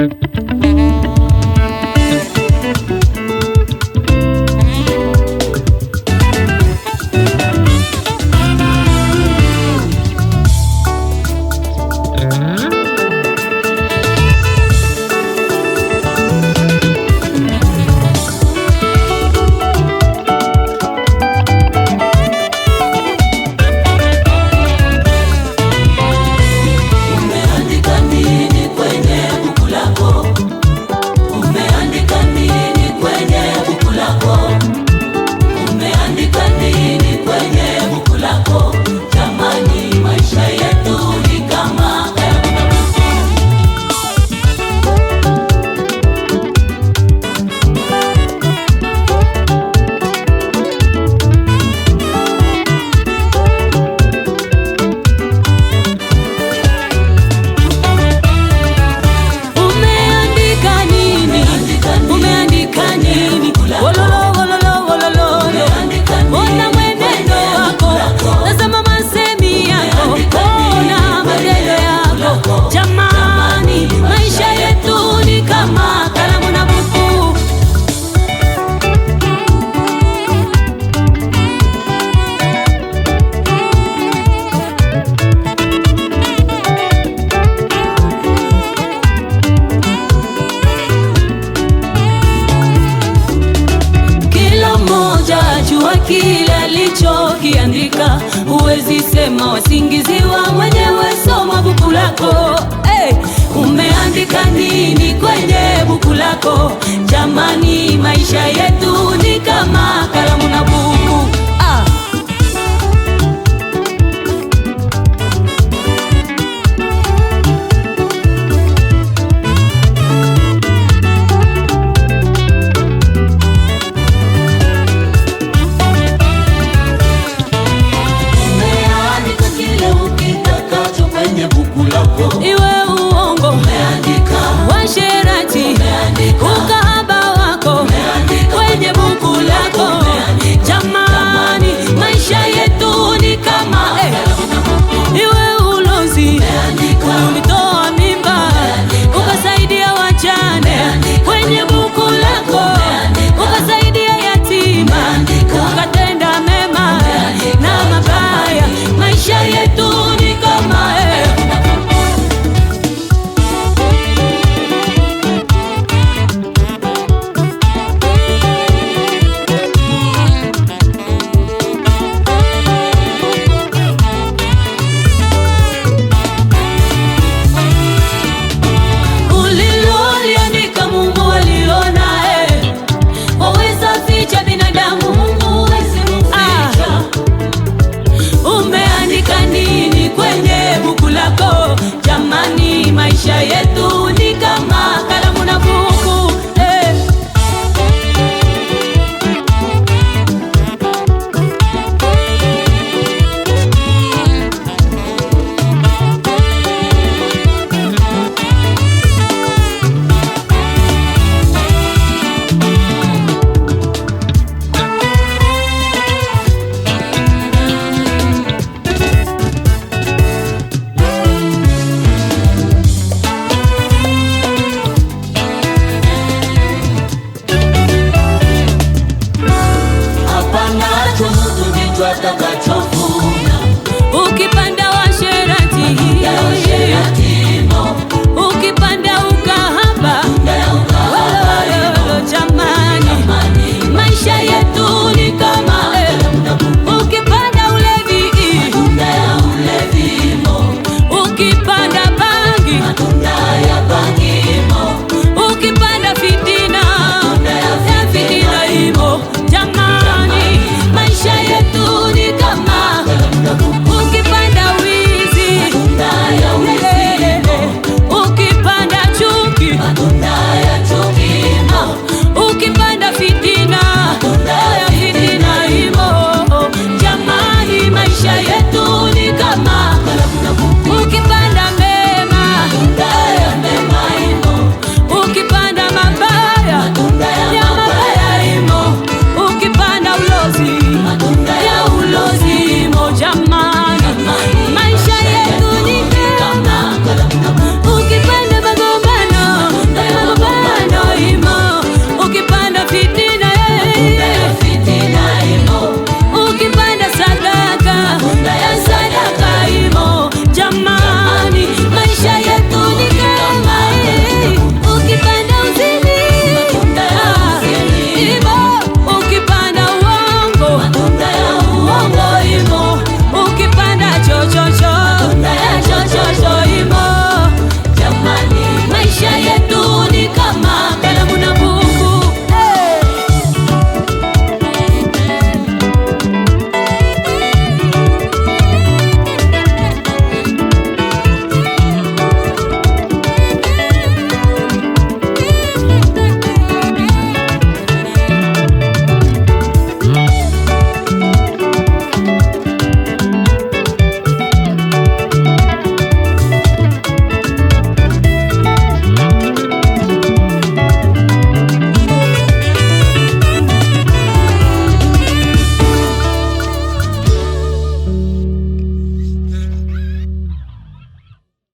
Thank you. kama wasingiziwa mwenyewe, soma buku lako. Hey, umeandika nini kwenye buku lako? Jamani, maisha yetu ni kama kalamu na buku I I got you.